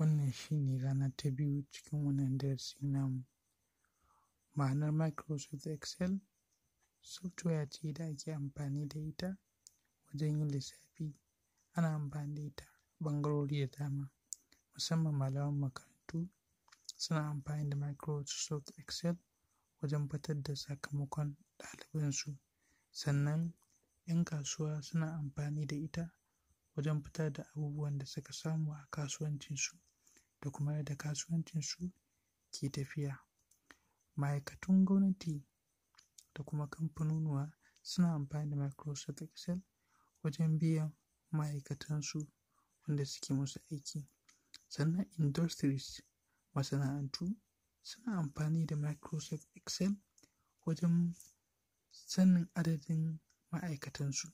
Wannan shi ne rana ta biyu cikin wannan darasi namu. Ma'anar Microsoft Excel software ce da ake amfani da ita wajen yin lissafi. Ana amfani da ita ɓangarori da dama, musamman malaman makarantu suna amfani da Microsoft Excel wajen fitar da sakamakon ɗalibansu. Sannan ‘yan kasuwa suna amfani da ita wajen fitar da abubuwan da suka samu a kasuwancinsu. da kuma yadda kasuwancinsu ke tafiya. Ma'aikatun gwamnati da kuma kamfanonuwa suna amfani da Microsoft Excel wajen biyan ma'aikatansu wanda suke musu aiki. Sannan industries masana'antu suna amfani da Microsoft Excel wajen sanin adadin ma'aikatansu.